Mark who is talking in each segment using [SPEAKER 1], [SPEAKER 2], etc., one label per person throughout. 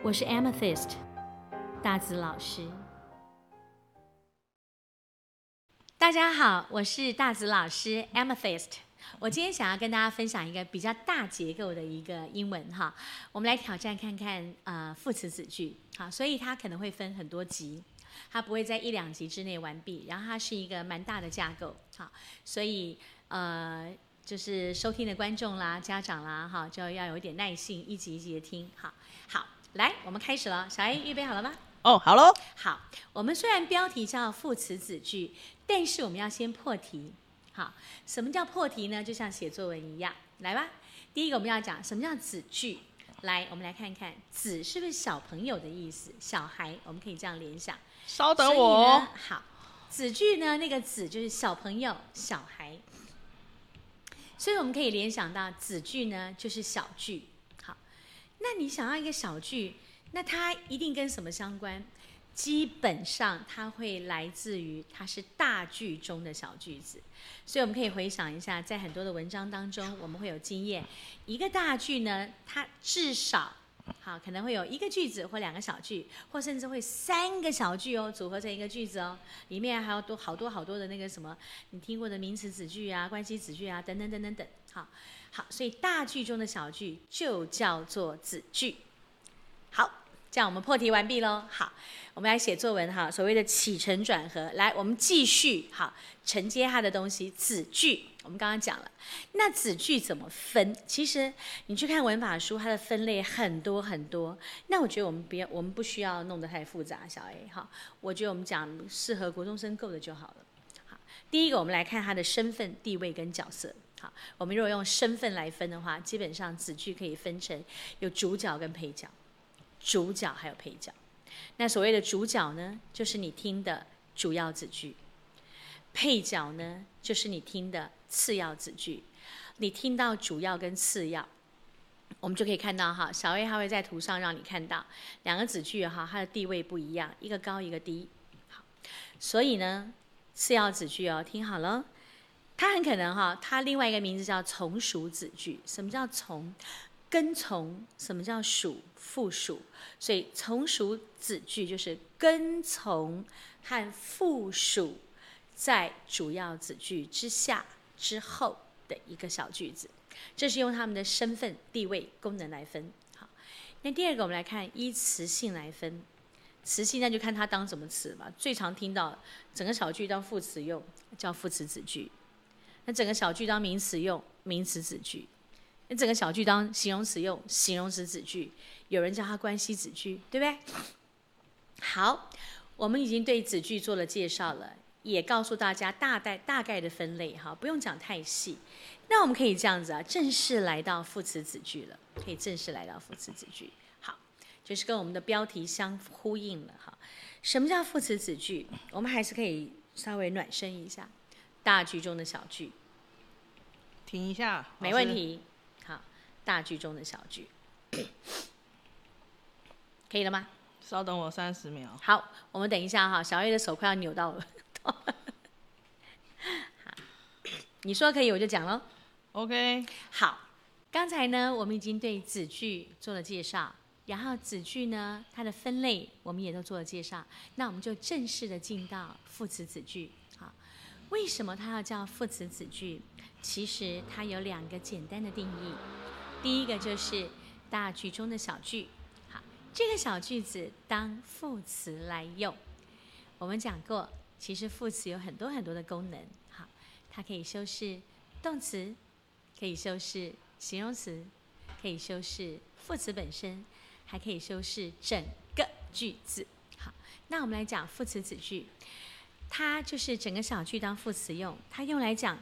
[SPEAKER 1] 我是 Amethyst 大子老師，大家好，我是大子老師 Amethyst。我今天想要跟大家分享一個比較大結構的一個英文哈，我們來挑戰看看啊、呃、副詞子句哈，所以它可能會分很多集，它不會在一兩集之內完畢，然後它是一個蠻大的架構好，所以呃就是收聽的觀眾啦、家長啦哈，就要有一點耐心，一集一集的聽好，好。來，我們開始了。小 A，預備好了嗎？哦，好嘍。好，我們雖然標題叫“副詞子句”，但是我們要先破題。好，什麼叫破題呢？就像寫作文一樣。來吧，第一個我們要講什麼叫子句。來，我們來看看“子”是不是小朋友的意思？小孩，我們可以這樣聯想。稍等我。所以呢，好，子句呢，那個“子”就是小朋友、小孩，所以我們可以聯想到子句呢，就是小句。那你想要一個小句，那它一定跟什麼相關？基本上它會來自於它是大句中的小句子，所以我們可以回想一下，在很多的文章當中，我們會有經驗，一個大句呢，它至少好可能會有一個句子或兩個小句，或甚至會三個小句哦，組合成一個句子哦，裡面還有多好多好多的那個什麼你聽過的名詞子句啊、關係子句啊等等等等等。好，好，所以大句中的小句就叫做子句。好，這樣我們破題完畢嘍。好，我們來寫作文哈。所謂的起承轉合，來，我們繼續好，承接他的東西。子句我們剛剛講了，那子句怎麼分？其實你去看文法書，它的分類很多很多。那我覺得我們不要，我們不需要弄得太複雜。小 A，哈，我覺得我們講適合國中生夠的就好了。好，第一個我們來看他的身份、地位跟角色。好，我們如果用身份來分的話，基本上子句可以分成有主角跟配角，主角還有配角。那所謂的主角呢，就是你聽的主要子句；配角呢，就是你聽的次要子句。你聽到主要跟次要，我們就可以看到哈，小 A 還會在圖上讓你看到兩個子句哈，它的地位不一樣，一個高一個低。好，所以呢，次要子句哦，聽好了。它很可能哈，它另外一個名字叫從屬子句。什麼叫從？跟從？什麼叫屬？附屬？所以從屬子句就是跟從和附屬在主要子句之下之後的一個小句子。這是用他們的身份、地位、功能來分。好，那第二個我們來看依詞性來分。詞性那就看它當什麼詞嘛。最常聽到整個小句當副詞用，叫副詞子句。那整個小句當名詞用，名詞子句；那整個小句當形容詞用，形容詞子句。有人叫它關係子句，對不對？好，我們已經對子句做了介紹了，也告訴大家大概大，大概的分類哈，不用講太細。那我們可以這樣子啊，正式來到副詞子句了，可以正式來到副詞子句。好，就是跟我們的標題相呼應了哈。什麼叫副詞子句？我們還是可以稍微暖身一下。大句中的小句，停一下，沒問題。好，大句中的小句， 可以了嗎？稍等我三十秒。好，我們等一下哈，小月的手快要扭到了。 好，你說可以我就講了。OK。好，剛才呢我們已經對子句做了介紹，然後子句呢它的分類我們也都做了介紹，那我們就正式的進到副詞子句。為什麼它要叫副詞子句？其實它有兩個簡單的定義。第一個就是大句中的小句，好，這個小句子當副詞來用。我們講過，其實副詞有很多很多的功能。好，它可以修飾動詞，可以修飾形容詞，可以修飾副詞本身，還可以修飾整個句子。好，那我們來講副詞子句。它就是整個小句當副詞用，它用來講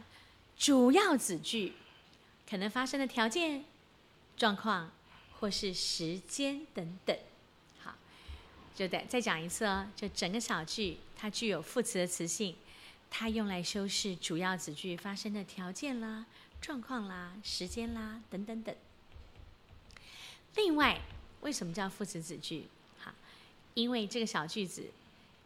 [SPEAKER 1] 主要子句可能發生的條件、狀況或是時間等等。好，就得再講一次哦，就整個小句它具有副詞的詞性，它用來修飾主要子句發生的條件啦、狀況啦、時間啦等等等。另外，為什麼叫副詞子句？好，因為這個小句子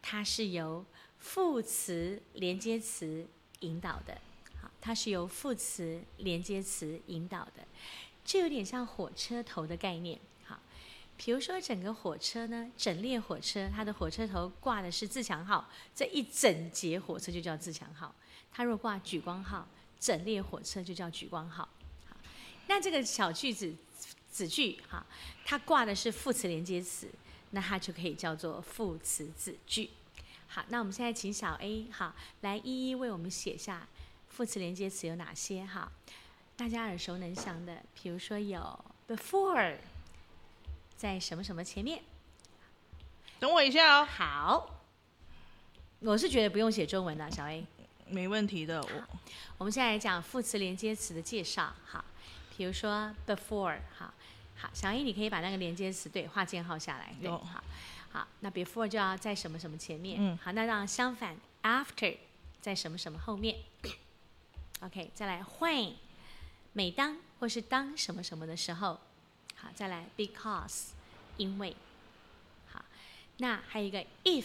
[SPEAKER 1] 它是由副詞、連接詞引導的，好，它是由副詞、連接詞引導的，這有點像火車頭的概念，好，比如說整個火車呢，整列火車，它的火車頭掛的是“自強號”，這一整節火車就叫“自強號”。它若掛“莒光號”，整列火車就叫“莒光號”。好，那這個小句子子句，哈，它掛的是副詞、連接詞，那它就可以叫做副詞子句。好，那我們現在請小 A 好，來一一為我們寫下副詞連接詞有哪些哈，大家耳熟能詳的，比如說有 before，在什麼什麼前面。等我一下哦。好，我是覺得不用寫中文的，小 A。沒問題的，我。我們現在來講副詞連接詞的介紹，好，比如說 before，好。好，小英，你可以把那個連接詞對劃箭號下來。對，no. 好，好，那 before 就要在什麼什麼前面。Mm. 好，那讓相反 after 在什麼什麼後面。OK，再來 when 每當或是當什麼什麼的時候。好，再來 because 因為。好，那還有一個 if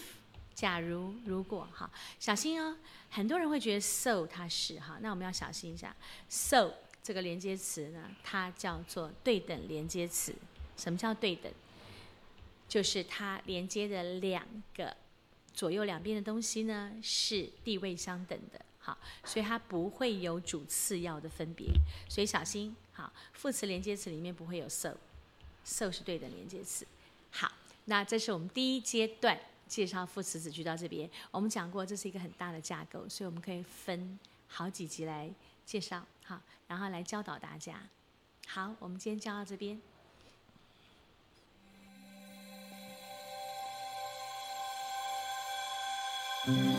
[SPEAKER 1] 假如如果哈，小心哦，很多人會覺得 so 它是哈，那我們要小心一下 so。這個連接詞呢，它叫做對等連接詞。什麼叫對等？就是它連接的兩個左右兩邊的東西呢，是地位相等的。好，所以它不會有主次要的分別。所以小心，好，副詞連接詞裡面不會有 so，so so 是對等連接詞。好，那這是我們第一階段介紹副詞子句到這邊。我們講過這是一個很大的架構，所以我們可以分好幾集來介紹，好，然後來教導大家。好，我們今天教到這邊。嗯